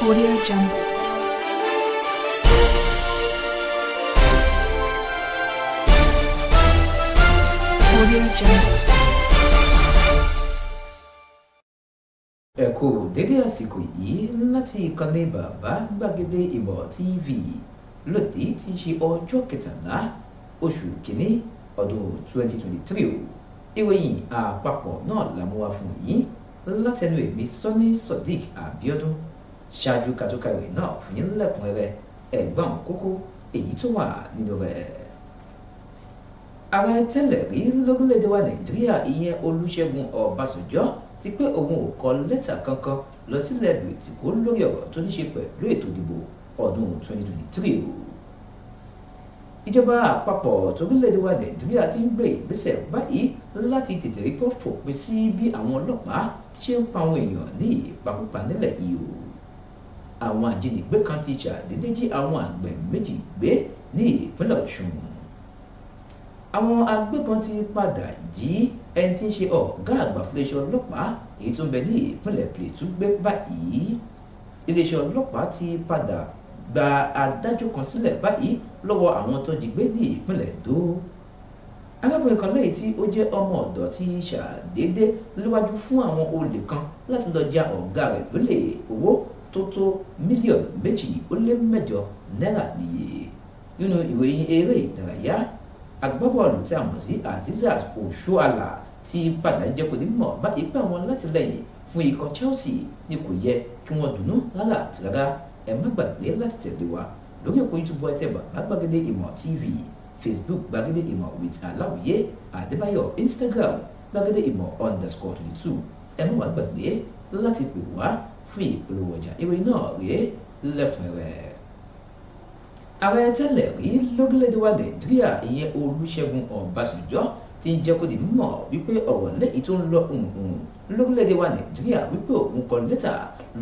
Audio Jungle. Audio Jungle. ẹ kú dédé àsìkò yìí láti ìkànnì bàbá gbàgede ìmọ̀ tv lòdì tí ṣe ọjọ́ kẹtàlá oṣù kìíní ọdún 2023 ìròyìn àpapọ̀ náà làmúwa fún yín látẹnu èmi sọ́ní sodiq abiodun ṣáájú ká tó ka ìwé náà fún yín lẹ́kùnrẹ́rẹ́ ẹ̀gbọ́n kókó èyí tó wà nínú rẹ̀. ààrẹ tẹ́lẹ̀ rí lórílẹ̀‐èdè wa nàìjíríà ìyẹn olúṣẹ́gun ọ̀básùnjọ́ ti pé òun ò kọ lẹ́tà kankan lọ sílẹ̀ bìrìtìkó lórí ọ̀rọ̀ tó ní ṣe pẹ̀lú ètò ìdìbò ọdún 2023 ìjọba àpapọ̀ torílẹ̀-èdè wa nàìjíríà ti ń gbé ìgbésẹ̀ báyìí láti tètè rí pé fòpin sí bí àwọn ọlọ́pàá ṣe ń pa àwọn èèyàn ní ìpakúpa nílẹ̀ yìí àwọn ajínigbé kan ti ṣàdédé àwọn àgbẹ̀ méjì gbé ní ìpínlẹ̀ ọ̀ṣun àwọn agbébọn ti padà jí ẹni tí ń ṣe ọ̀gá àgbà fún iléeṣẹ́ ọlọ́pàá èyí tó ń bẹ ní ìpínlẹ̀ Plateau gbé báyìí iléeṣẹ́ ọlọ́pàá ti padà gba adájọ́ kan sílẹ̀ báyìí lọ́wọ́ àwọn tó jí gbé ní ìpínlẹ̀ Èdó arábìnrin kan lẹ́yìn tí ó jẹ́ ọmọ ọ̀dọ́ ti ṣàdédé léwájú tó tó mílíọ̀nù méjì ó lé mẹ́jọ náírà nìyí nínú ìròyìn eré ìdárayá agbábọ́ọ̀lù tí a mọ̀ sí Azizat Oshoala ti padà jẹ́ kò ní mọ̀ báyìí pé àwọn látìlẹ́yìn fún ikọ̀ Chelsea ni kò yẹ kí wọ́n dùnnú rárá àti rárá ẹ má gbàgbé láti tẹ̀lé wa lórí òpó YouTube ẹ̀ tẹ̀ bàbá gbàgede ìmọ̀ TV Facebook gbàgede ìmọ̀ with aláwìyé àdébáyọ̀ Instagram gbàgede ìmọ̀ underscore twenty two ẹ má wàá gbàgbé láti pè wá fìbúrò ọjà ìwé náà rèé lẹ́kùnrẹ́rẹ́ ààrẹ tẹ́lẹ̀ rí lórílẹ̀‐èdè wa nàìjíríà ìyẹn olúṣẹ́gun ọ̀básanjọ́ ti ń jẹ́ kó di mímọ̀ wípé ọ̀rọ̀ lẹ́yìn tó ń lọ òun lórílẹ̀‐èdè wa nàìjíríà wípé òun kọ lẹ́tà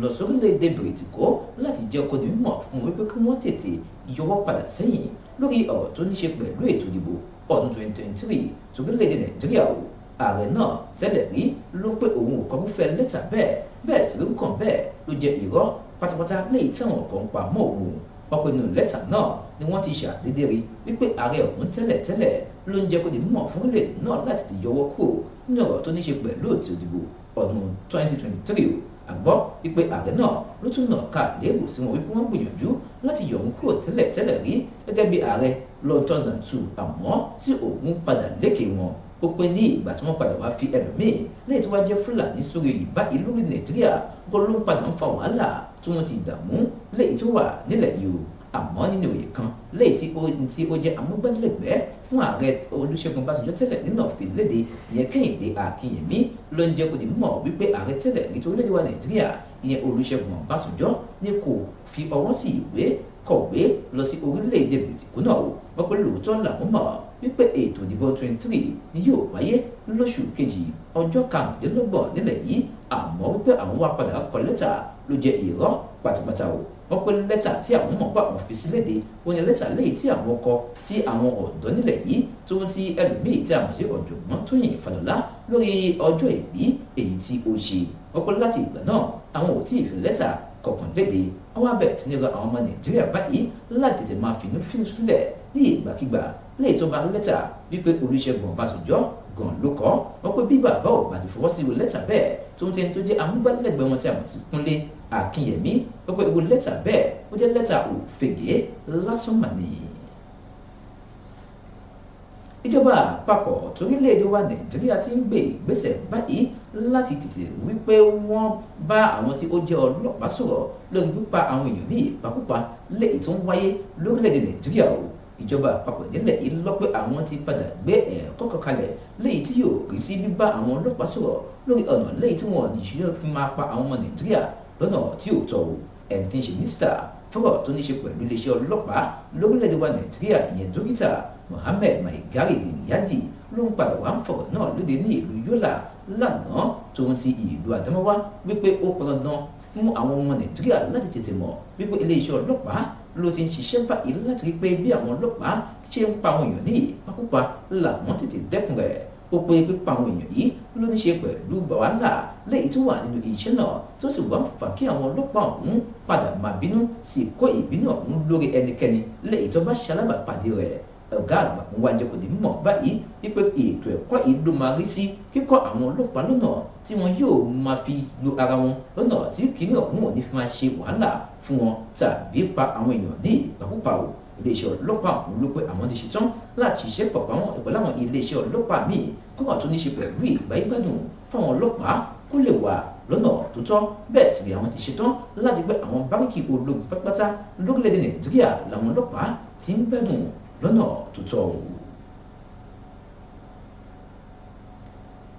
lọ sórílẹ̀‐èdè bìrìtìkó láti jẹ́ kó di mímọ̀ fún wípé kí wọ́n tètè yọwọ́ padà sẹ́yìn lórí ọ̀rọ̀ tó ní ṣe pẹ̀lú ètò ìdìbò ọdún 2023 sórílẹ̀‐èdè nàìjíríà o ààrẹ náà tẹ́lẹ̀ rí ló pé òun ò kọ́kọ́ fẹ́ lẹ́tà bẹ́ẹ̀ bẹ́ẹ̀ sì ló bẹ́ẹ̀ ló jẹ irọ́ pátápátá léyìí táwọn kan pa mọ́ òun wọ́n pe lẹ́tà náà ni wọ́n ti ṣàdédé rí wípé ààrẹ ọ̀hún tẹ́lẹ̀ tẹ́lẹ̀ ló ń jẹ́ kó di mímọ̀ fún ilé náà láti ti yọwọ́ kúrò nínú ọ̀rọ̀ tó ní ṣe pẹ̀lú ètò ìdìbò ọdún 2023 àgbọ́ wípé ààrẹ náà ló tún náà ka léèbù sí wọn wípé wọ́n gbìyànjú láti yọ òun kúrò tẹ́lẹ̀ tẹ́lẹ̀ rí gẹ́gẹ́ bí ààrẹ lọ́dún 2002 àmọ́ tí òun padà lékè wọn ó pé ní ìgbà tí wọ́n padà wá fi ẹlòmíì lẹ́yìn tí wọ́n jẹ́ fúlàní sórí rìbá ìlú rí nàìjíríà kó ló ń padà ń fa wàhálà tí wọ́n ti dààmú lẹ́yìn tí ó wà nílẹ̀ yìí o àmọ́ nínú òye kan lẹ́yìn tí ó ti ó jẹ́ amúgbálẹ́gbẹ̀ẹ́ fún ààrẹ olúṣẹ́gun báṣọjọ́ tẹ́lẹ̀ nínú òfin léde ìyẹn kẹ́hìndé àkínyẹ̀mí ló ń jẹ́ kó ní mọ̀ wípé ààrẹ tẹ́lẹ̀ rí torílẹ̀-èdè wa nàìjíríà ìyẹn olúṣẹ́gun ọbásanjọ́ ni kò fi ọwọ́ sí ìwé kọ̀wé lọ sí orílẹ̀-èdè bìtìkú náà wọ́n pé lóòótọ́ làwọn mọ̀ wípé ètò ìdìbò twenty three ni yóò wáyé lóṣù kejì ọjọ́ karùndínlọ́gbọ̀n nílẹ̀ yìí àmọ́ wípé àwọn wá padà kọ lẹ́tà ló jẹ́ irọ́ pátápátá o wọ́n pé lẹ́tà tí àwọn mọ̀ pé àwọn fi síléde wọ́n ní lẹ́tà lẹ́yìn tí àwọn kọ sí àwọn ọ̀dọ́ nílẹ̀ yìí tó ń ti ẹlòmíì tí a mọ̀ sí ọ̀jọ̀gbọ́n Tóyìn Fàlọ́lá lórí ọjọ́ ìbí èyí tí ó ṣe wọ́n pé láti ìgbà náà àwọn ò tí ì fi lẹ́tà kọ̀ọ̀kan léde wọ́n wá bẹ̀rẹ̀ sí ní ra àwọn ọmọ Nàìjíríà báyìí láti tètè máa fìyín fi sílẹ̀ ní ìgbàkigbà lẹ́yìn tó máa ń lẹ́tà wípé Olúṣẹ́gun Ọbásanjọ́ gan ló kọ wọ́n pé bí bàbá ò bá ti fọwọ́ sí ìwé lẹ́tà bẹ́ẹ̀ tó ń tẹni tó jẹ́ amúgbálẹ́gbẹ̀ẹ́ wọn tí a mọ̀ sí Kúnlé Akínyẹmí wọ́n pé ìwé lẹ́tà bẹ́ẹ̀ ó jẹ́ lẹ́tà òfegè lásán mà nìyí ìjọba àpapọ̀ torílẹ̀-èdè wa nàìjíríà ti ń gbé ìgbésẹ̀ báyìí láti tètè wípé wọ́n bá àwọn tí ó jẹ́ ọlọ́pàá sọ̀rọ̀ lórí pípa àwọn èèyàn ní ìpakúpa léyìí ìjọba àpapọ̀ ìdílé yìí lọ àwọn ti padà gbé ẹ̀kọ́ kan kalẹ̀ léyìí tí yóò kì í sí bíbá àwọn ọlọ́pàá sọ̀rọ̀ lórí ọ̀nà léyìí tí wọ́n nìṣẹ́ fi máa pa àwọn ọmọ nàìjíríà lọ́nà tí ò tọ́ o ẹni tí ń ṣe mínísítà fọ́rọ̀ tó ní ṣe pẹ̀lú iléeṣẹ́ ọlọ́pàá lórílẹ̀‐èdè wa nàìjíríà ìyẹn dókítà mohammed maigari gìrìyàdì ló ń padà wá ń fọ̀rọ̀ náà lóde ní ìlú yọ́là lánàá tòun ti ìlú àdámáwá wípé ó pọn dandan fún àwọn ọmọ nàìjíríà láti tètè mọ̀ wípé iléeṣẹ́ ọlọ́pàá ló ti ń ṣiṣẹ́ báyìí láti rí pé bí àwọn ọlọ́pàá ti ṣe ń pa àwọn èèyàn ní ìpakúpa làwọn tètè dẹ́kun rẹ̀ ó pé pípa àwọn èèyàn yìí ló ní ṣe pẹ̀lú wàhálà lẹ́yìn tó wà nínú iṣẹ́ náà tó sì wá ń fà kí àwọn ọlọ́pàá ọ̀hún padà máa bínú sì kó ìbínú ọ̀hún lórí ẹnikẹ́ni lẹ́yìn tó bá ṣalábàpàdé rẹ̀ ọ̀gá àgbà ń wájẹ kò ní mọ̀ báyìí wípé ètò ẹ̀kọ́ yìí ló máa rí sí kíkọ́ àwọn ọlọ́pàá lọ́nà tí wọn yóò máa fi lo ara wọn lọ́nà tí kìnìún ọ̀hún ò ní fi máa ṣe wàhálà fún wọn tàbí pa àwọn èèyàn ní ìpakúpa o iléeṣẹ́ ọlọ́pàá ọ̀hún ló pé àwọn ti ṣetán láti ṣiṣẹ́ pàpà wọn ẹ̀pọ̀ láwọn iléeṣẹ́ ọlọ́pàá míì kó wà tó ní ṣe pẹ̀lú ìgbáyégbádùn fáwọn ọlọ́pàá kó lè wà lọ́nà tó tọ́ bẹ́ẹ̀ sì ni àwọn ti ṣetán láti gbé àwọn báríkì ológun pátápátá lórílẹ̀ nàìjíríà làwọn ọlọ́pàá ti ń gbádùn lọ́nà tó tọ́ o.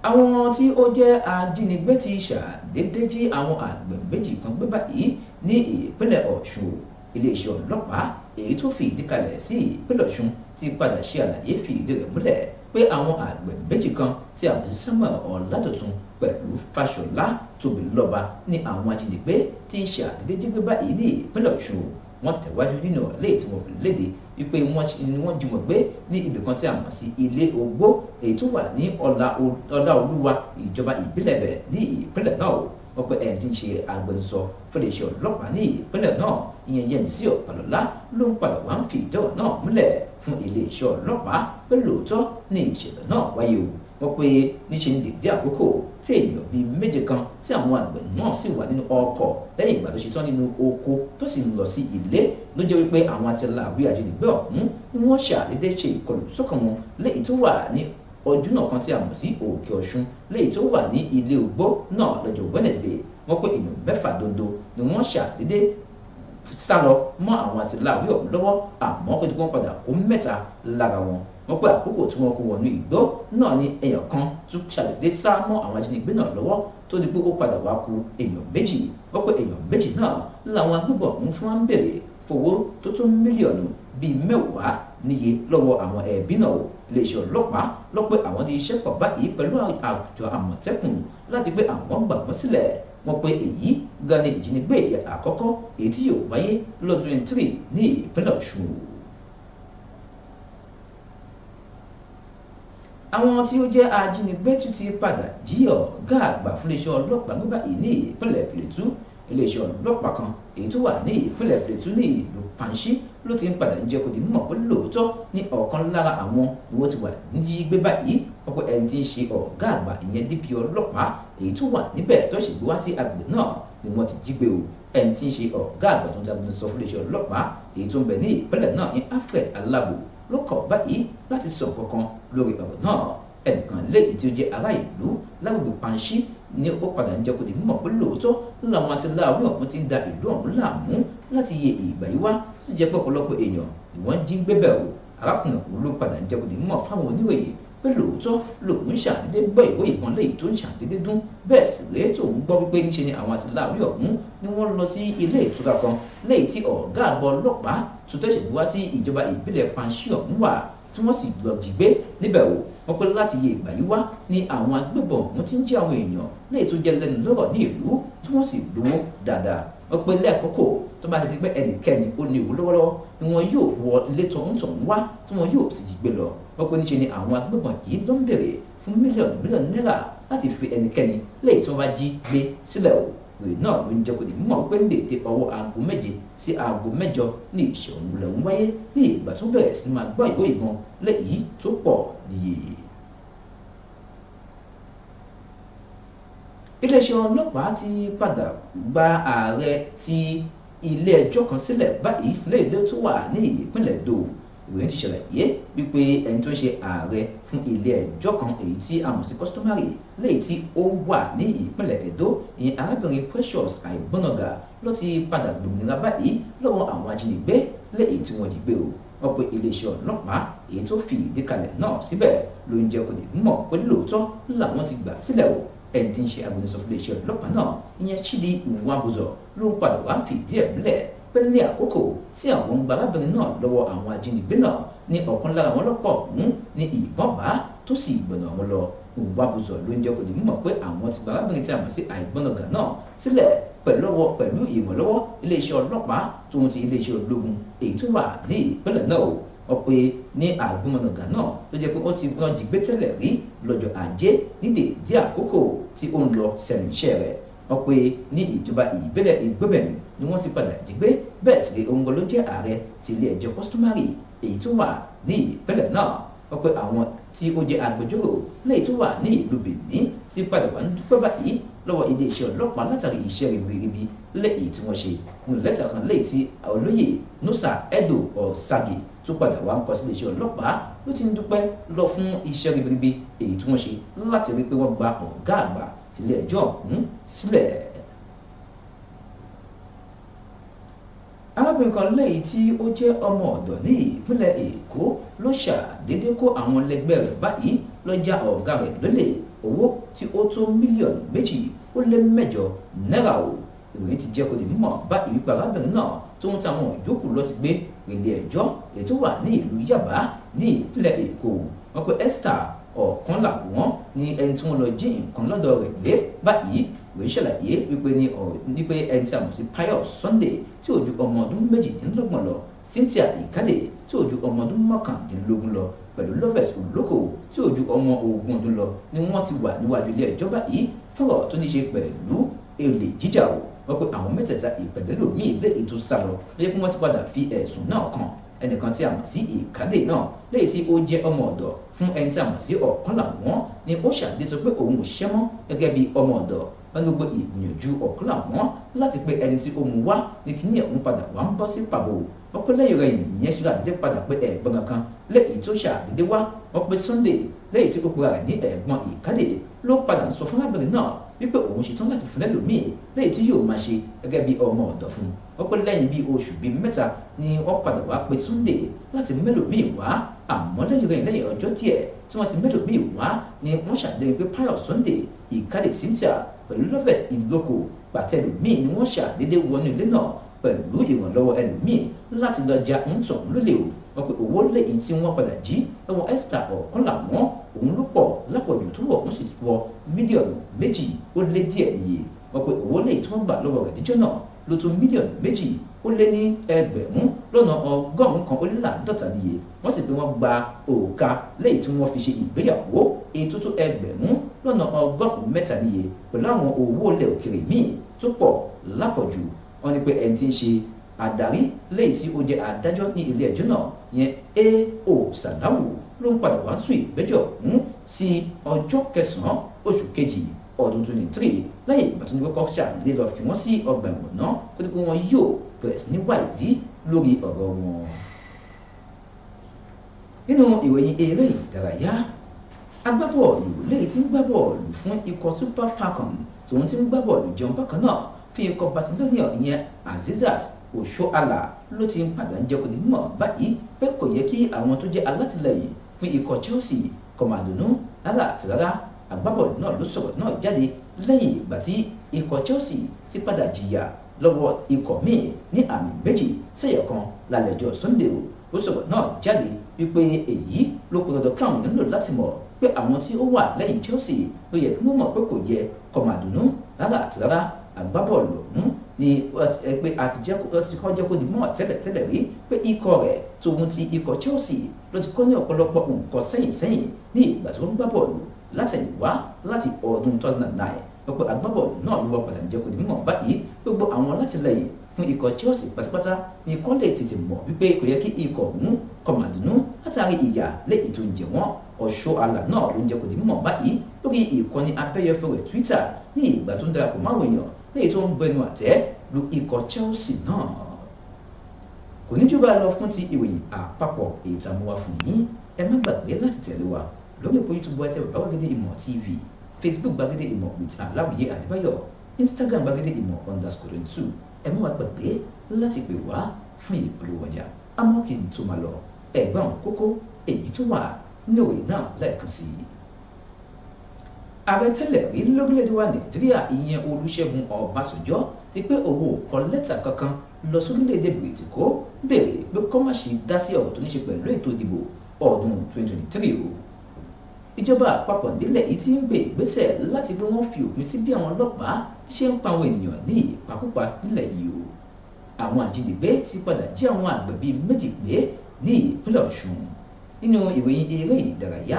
àwọn tí ó jẹ́ ajínigbé ti ṣàdédé jí àwọn àgbẹ̀ méjì kan gbé báyìí ní ìpínlẹ̀ ọ̀ṣun iléeṣẹ́ ọlọ́pàá èyí tó fi ìdí kalẹ̀ sí ìpínlẹ̀ ọ̀ṣun ti padà ṣe àlàyé fi ìdí rẹ̀ múlẹ̀ pé àwọn àgbẹ̀ méjì kan tí a mọ̀ sí Samuel ọ̀làdọ̀tun pẹ̀lú fàṣọlá tóbilọ́ba ní àwọn ajínigbé ti ṣàdédé jí gbé báyìí ní ìpínlẹ̀ ọ̀ṣun wọ́n tẹ̀wájú nínú ọ̀lẹ́ wípé wọ́n jùmọ̀ gbé ní ibì kan tí a mọ̀ sí ilé ogbó èyí tó wà ní ọlá olúwa ìjọba ìbílẹ̀ bẹ̀ ní ìpínlẹ̀ náà o wọ́n pe ẹni tí ń ṣe agbẹnusọ fúnléṣẹ́ ọlọ́pàá ní ìpínlẹ̀ náà ìyẹn Yẹmisí Ọ̀pálọ́lá ló ń padà wá ń fi ìjọba náà múlẹ̀ fún iléeṣẹ́ ọlọ́pàá pé lóòótọ́ ní ìṣẹ̀lẹ̀ náà wáyé o wọ́n pé níṣe ní dèdé àkókò tí èèyàn bíi méje kan tí àwọn àgbẹ̀ náà sì wà nínú ọkọ̀ lẹ́yìn ìgbà tó ṣe tán nínú oko tó sì ń lọ sí ilé ló jẹ́ wípé àwọn àtẹlà àwí àjẹdìgbẹ́ ọ̀hún ni wọ́n ṣàdédé ṣe ìkọlù sọ́kàn wọn lẹ́yìn tó wà ní ọdún náà kan tí a mọ̀ sí òkè ọ̀ṣun lẹ́yìn tó wà ní ilé ògbó náà lọ́jọ́ Wednesday wọ́n pé èèyàn mẹ́fà dondo ni wọ́n ṣàdédé sá lọ mọ́ àwọn àti láwí ọ̀hún lọ́wọ́ àmọ́ pé tí wọ́n padà kó mẹ́ta lára wọn wọ́n pé àkókò tí wọ́n kó wọnú ìgbó náà ni èèyàn kan tún ṣàdédé sá mọ́ àwọn ajínigbé náà lọ́wọ́ tó di pé ó padà wá ku èèyàn méjì wọ́n pé èèyàn méjì náà làwọn agbébọn ọ̀hún fún wa ń béèrè fowó tó tó mílíọ̀nù bíi mẹ́wàá níye lọ́wọ́ àwọn ẹbí náà o iléeṣẹ́ ọlọ́pàá lọ pé àwọn ti ṣẹ́pọ̀ báyìí pẹ̀lú àjọ àmọ̀tẹ́kùn láti gbé àwọn gbà wọ́n sílẹ̀ wọ́n pe èyí gan ni ìjínigbé àkọ́kọ́ èyí tí yóò wáyé lọ́dún twenty three ní ìpínlẹ̀ ọ̀ṣun. àwọn tí ó jẹ́ ajínigbé tún ti padà jí ọ̀gá àgbà fún iléeṣẹ́ ọlọ́pàá gbé báyìí ní ìpínlẹ̀ plateau iléeṣẹ́ ọlọ́pàá kan èyí tó wà ní ìpínlẹ̀ plateau ní ìlú panṣí ló ti ń padà ń jẹ́ kó di mọ̀ pé lóòótọ́ ní ọ̀kan lára àwọn ni wọ́n ti wà níyí gbé báyìí ọkọ̀ ẹni tí ń ṣe ọ̀gá àgbà ìyẹn DP ọlọ́pàá èyí tó wà níbẹ̀ tó ṣègbè wá sí agbègbè náà ni wọ́n ti jí gbé o ẹni tí ń ṣe ọ̀gá àgbà tó ń jagun sọ fún iléeṣẹ́ ọlọ́pàá èyí tó ń bẹ ní ìpínlẹ̀ náà ní Alfred Alabo ló kọ̀ báyìí láti sọ kankan lórí ọ̀rọ̀ náà ẹnìkan léyìí tí ó jẹ́ ará ìlú lágbègbè Panṣí ni ó padà ń jẹ́ kó di mímọ̀ pé lóòótọ́ làwọn àti láàárọ̀ ọ̀hún ti ń da ìlú ọ̀hún láàmú láti yẹ ìgbà yìí wá tó sì jẹ́ pé ọ̀pọ̀lọpọ̀ èèyàn ìwọ́n jí ń gbébẹ̀ o arákùnrin ọ̀hún ló padà ń jẹ́ kó mímọ̀ fáwọn oníròyìn pé lóòótọ́ lòun ṣàdédé gbọ́ ìwé ìkan léyìí tó ń ṣàdédé dún bẹ́ẹ̀ sì rèé tó ń gbọ́ wípé níṣe ni àwọn àtìláàrí ọ̀hún ni wọ́n lọ sí ilé ìtura kan léyìí tí ọ̀gá àgbọ̀ ọlọ́pàá tó tẹ̀sẹ̀ wá sí ìjọba ìbílẹ̀ panṣí ọ̀hún wà tí wọ́n sì lọ jígbé níbẹ̀ o wọ́n pé láti yẹ ìgbà yìí wá ni àwọn agbébọn ọ̀hún ti ń jí àwọn èèyàn léyìí tó jẹ́ lẹ́nu lọ́rọ̀ ní ìlú tí wọ́n sì lówó dáadáa ọpẹ lẹ́ẹ̀kọ́kọ́ tó bá ti di pé ẹnikẹ́ni ó ní ìwú lọ́wọ́lọ́wọ́ ni wọn yóò wọ ilé tọ̀húntọ̀hún wá tí wọn yóò sì jí gbé lọ ọpẹ níṣe ni àwọn agbébọn yìí ló ń béèrè fún mílíọ̀nù mílíọ̀nù náírà láti fi ẹnikẹ́ni léyìí tí wọ́n bá jí gbé sílẹ̀ o ìwé náà ló ń jẹ́ kó pé ń dètè ọwọ́ aago méje sí aago mẹ́jọ ní ìṣẹ̀wọ̀n lẹ̀ wáyé ní ìgbà iléeṣẹ́ ọlọ́pàá ti padà gba ààrẹ ti ilé ẹjọ́ kan sílẹ̀ báyìí léèdè tó wà ní ìpínlẹ̀ Edo ìròyìn ti ṣàlàyé wípé ẹni tó ń ṣe ààrẹ fún ilé ẹjọ́ kan èyí tí a mọ̀ sí customary léyìí tí ó wà ní ìpínlẹ̀ Edo ìyẹn arábìnrin Precious Àìgbọ́nàgà ló ti padà gbòmìnira báyìí lọ́wọ́ àwọn ajínigbé léyìí tí wọ́n jí gbé o wọ́n pe iléeṣẹ́ ọlọ́pàá èyí tó fi ìdí kalẹ̀ náà síbẹ̀ ló ń jẹ́ kó lè mọ̀ pé lóòótọ́ làwọn ti gbà sílẹ̀ o ẹni tí ń ṣe agbẹnusọ fún iléeṣẹ́ ọlọ́pàá náà ìyẹn Chidi Nwabuzo ló ń padà wá fìdí ẹ̀ múlẹ̀ pé ní àkókò tí àwọn ń gba náà lọ́wọ́ àwọn ajínigbé náà ní ọ̀kan lára wọn lọ́pọ̀ ọ̀hún ní ìbọn bá tó sì gbọ̀nà wọn lọ Nwabuzo ló ń jẹ́ kó di mímọ̀ pé àwọn ti gba tí a mọ̀ sí àìgbọ́nàgà náà sílẹ̀ pẹ̀lú ìrànlọ́wọ́ iléeṣẹ́ ọlọ́pàá tó ń ti iléeṣẹ́ ológun ọ̀pẹ ní àgbọ̀mọ̀gàngàn náà ló jẹ́ pé ó ti wọ́n jí gbé rí lọ́jọ́ ajé nídè dí àkókò tí ó ń lọ sẹ́nu iṣẹ́ rẹ̀ ọ̀pẹ ní ìjọba ìbílẹ̀ ìgbẹ́bẹ̀rin ni wọ́n ti padà jí gbé bẹ́ẹ̀ sì rí òǹgọ̀ ló ààrẹ ti ilé ẹjọ́ kọ́sítọ́márì èyí tó wà ní ìpínlẹ̀ náà wọ́n àwọn tí ó jẹ́ agbẹjọ́rò lẹ́yìn tó wà ní ìlú Benin ti padà wà ń dúpẹ́ báyìí lọ́wọ́ iléeṣẹ́ ọlọ́pàá látàrí iṣẹ́ ribiribi lẹ́yìn tí wọ́n ṣe ń lẹ́tà kan lẹ́yìn tí olóyè Nusa Edo Osage tó padà wá ń kọ sílé iṣẹ́ ọlọ́pàá ló ti ń dúpẹ́ lọ fún iṣẹ́ ribiribi èyí tí wọ́n ṣe láti rí pé wọ́n gba ọ̀gá àgbà tilé ẹjọ́ ọ̀hún sílẹ̀. arábìnrin kan lẹ́yìn tí ó jẹ́ ọmọ ọ̀dọ̀ ní ìpínlẹ̀ èkó ló ṣàdédé kó àwọn ẹlẹgbẹ́ rẹ̀ báyìí lọ já ọ̀gá rẹ̀ lólè owó tí ó tó mílíọ̀nù méjì ó lé mẹ́jọ náírà o ìròyìn ti jẹ́ kó di mímọ̀ báyìí wípé arábìnrin náà tó ń ta àwọn ìjókòó lọ ti gbé ilé ẹjọ́ ètò wà ní ìlú Yaba ní ìpínlẹ̀ Èkó wọ́n pe Esther Ọ̀kánlàwọ́n ní ẹni tí wọ́n lọ jí nǹkan lọ́dọ̀ rẹ̀ lé báyìí ìwé ṣàlàyé wípé ní ọ wípé ẹni tí a mọ̀ sí Pius Sunday tí ó ọmọ ọdún méjìdínlọ́gbọ̀n lọ Cynthia Ikade tí ó ọmọ ọdún mọ́kàndínlógún lọ pẹ̀lú Loveth Oloko tí ó ọmọ ogún ọdún lọ ni wọ́n ti wà níwájú ilé ẹjọ́ báyìí fọ̀rọ̀ tó ní ṣe pẹ̀lú èlè jíjà o wọ́n pé àwọn mẹ́tẹ̀ẹ̀ta ìpẹ̀lẹ́lòmíì léyìí tó sá lọ lóye pé wọ́n ti padà fi ẹ̀sùn náà kàn ẹnìkan tí a mọ̀ sí ìkádé náà léyìí tí ó jẹ́ ọmọ ọ̀dọ̀ fún ẹni tí a mọ̀ sí ọ̀kan làwọn ni ó ṣàdéso pé òun ò ṣẹ́ mọ́ gẹ́gẹ́ bí ọmọ ọ̀dọ̀ wọn ló gbé ìgbìyànjú ọ̀kan làwọn láti pé ẹni tí ó mú wá ní kíní ẹ̀hún padà wá ń bọ́ sí pàbò wọ́n lẹ́yìn rẹ̀ ìyẹn ṣe àdédé padà pé ẹ̀gbọ́n kan léyìí tó ṣàdédé wá wọ́n pe Sunday léyìí tí gbogbo rẹ̀ ní ẹ̀gbọ́n ìkádé ló padà sọ fún lábẹ́rẹ́ náà wípé òun ṣetán láti fún ẹlòmíì léyìí tí yóò máa ṣe gẹ́gẹ́ bí ọmọ ọ̀dọ̀ fún wọ́n pé lẹ́yìn bíi oṣù bíi mẹ́ta ni wọ́n padà wá pe Sunday láti mẹ́lòmíì wá àmọ́ lẹ́yìn rẹ̀ lẹ́yìn ọjọ́ díẹ̀ tí wọ́n ti mẹ́lòmíì wá ni wọ́n ṣàdéhùn pé Pius Sunday ìkádé Cynthia pẹ̀lú Lovett ìlókò pàtẹ́lòmíì ni wọ́n ṣàdédé wọnú ilé náà pẹ̀lú ìrànlọ́wọ́ ẹlòmíì láti lọ ja ń tọ̀ lólè o wọ́n pe owó lé èyí tí wọ́n padà jí lọ́wọ́ Esther ọ̀kan làwọn òun ló pọ̀ lápọ̀jù tó wọ̀ wọ́n sì mílíọ̀nù méjì ó lé díẹ̀ níye wọ́n pe owó lé èyí tí wọ́n gbà lọ́wọ́ Khadija náà ló tó mílíọ̀nù méjì ó lé ní ẹgbẹ̀rún lọ́nà ọgọ́rùn-ún kan ó lé láàdọ́ta níye wọ́n sì pé wọ́n gba òòka lẹ́yìn tí wọ́n fi ṣe ìgbéyàwó èyí tó tó ẹgbẹ̀rún lọ́nà ọgọ́rùn-ún mẹ́ta níye pẹ̀lú àwọn owó ilẹ̀ òkèrè míì tó pọ̀ lápọ̀jù wọ́n ní pé ẹni tí ń ṣe àdarí léyìí tí ó jẹ adájọ́ ní ilé ẹjọ́ náà yẹn o Sàláwù ló ń padà wá sùn ìgbẹ́jọ́ ọ̀hún sí ọjọ́ kẹsànán oṣù kejì ọdún twenty three lẹ́yìn ìgbà tó ní kọ́kọ́ ṣàlè lọ fi wọ́n sí ọgbà ẹ̀wọ̀n náà kó tó pé wọ́n yóò bẹ̀rẹ̀ sí ní wádìí lórí ọ̀rọ̀ wọn. nínú ìròyìn eré ìdárayá agbábọ́ọ̀lù léyìí tí ń gbá bọ́ọ̀lù fún ikọ̀ Super Falcons tòun ti ń gbá bọ́ọ̀lù jẹun bákan náà fi ikọ̀ Barcelona ìyẹn Azizat òṣó àlà ló ti ń padà ń jẹ́ kó di mímọ̀ báyìí pé kò yẹ kí àwọn tó jẹ́ alátìlẹyìn fún ikọ̀ Chelsea kò máa dùnnú rárá àti rárá agbábọ̀ọ̀lù náà ló sọ̀rọ̀ náà jáde lẹ́yìn ìgbà tí ikọ̀ Chelsea ti padà jìyà lọ́wọ́ ikọ̀ míì ní àmì méjì sẹ́yọ̀ kan lálẹ́jọ́ Sunday ó sọ̀rọ̀ náà jáde wípé èyí ló kó dandan káwọn èèyàn láti mọ̀ pé àwọn tí ó wà lẹ́yìn Chelsea ló yẹ kí wọ́n mọ̀ pé kò yẹ kó máa dùnnú rárá àti rárá agbábọ̀ọ̀lù ọ̀hún ni pé àtijọ́ jẹ́ kó di mọ́ tẹ́lẹ̀tẹ́lẹ̀ rí pé ikọ̀ rẹ̀ tòun ti ikọ̀ Chelsea ló ti kọ́ ní ọ̀pọ̀lọpọ̀ nǹkan sẹ́yìn sẹ́yìn ní ìgbà tó ń gbá bọ́ọ̀lù látẹ̀yìnwá láti ọdún 2009 ọ̀pọ̀ agbábọ́ọ̀lù náà ló wọ́n padà jẹ́ kó di mọ́ báyìí gbogbo àwọn alátìlẹyìn fún ikọ̀ Chelsea pátápátá ni ikọ̀ lè tètè mọ̀ wípé kò yẹ kí ikọ̀ ọ̀hún kọ̀màdùnú látàrí ìyà lé ètò ìjẹ̀ wọn ọ̀ṣọ́ àlà náà ló ń jẹ́ kó di mọ̀ báyìí lórí ìkànnì abẹ́yẹfò rẹ̀ Twitter ní ìgbà tó ń darapọ̀ máwọn èèyàn léyìí tó ń gbẹnu àtẹ́ lu ikọ̀ Chelsea náà kò ní jù bá lọ fún ti ìròyìn àpapọ̀ ìtàmúwa fún yín ẹ má gbàgbé láti tẹ̀lé wa lórí òpó YouTube ẹtẹ bàbá gbàgede ìmọ̀ TV Facebook gbàgede ìmọ̀ with aláwìyé àdébáyọ̀ Instagram gbàgede ìmọ̀ underscore two ẹ má wá gbàgbé láti pè wá fún ìpolówó ọjà amókè tó máa lọ ẹ̀gbọ́n kókó èyí tó wà ní òye náà lẹ́ẹ̀kan sí i ààrẹ tẹ́lẹ̀ rí lórílẹ̀‐èdè wa nàìjíríà ìyẹn olúṣẹ́gun ọbásanjọ́ ti pé òun ò kọ lẹ́tà kankan lọ sórílẹ̀‐èdè bìrìtìkó béèrè pé kọ́ dá sí ọ̀rọ̀ tó ní ṣe pẹ̀lú ètò ìdìbò ọdún 2023 o ìjọba àpapọ̀ nílẹ̀ yìí ti ń gbé ìgbésẹ̀ láti pé wọ́n fi òpin sí bí àwọn ọlọ́pàá ti ṣe ń pa àwọn ènìyàn ní ìpakúpa nílẹ̀ yìí o àwọn àjínigbé ti padà jí àwọn àgbẹ̀ bíi méjì gbé ní ìpínlẹ̀ ọ̀ṣun nínú ìròyìn eré ìdárayá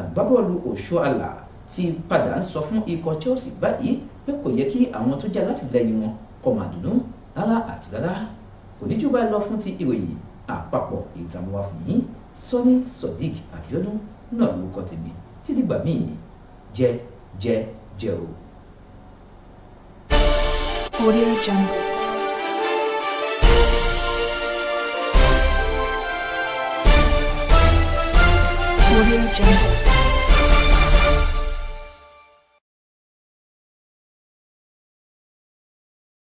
àgbábọ́ọ̀lù òṣùàlà ti padà ń sọ fún ikọ̀ Chelsea báyìí pé kò yẹ kí àwọn tó jẹ́ alátìlẹyìn wọn kọ́ máa dùnnú rárá àti rárá kò ní jù báyìí lọ fún ti ìròyìn àpapọ̀ ìtàmúwa fún yín sọ́ni Sodiq Abiodun náà lórúkọ tèmi títí gbà míì jẹ jẹ jẹ o. Audio Jungle. Audio Jungle.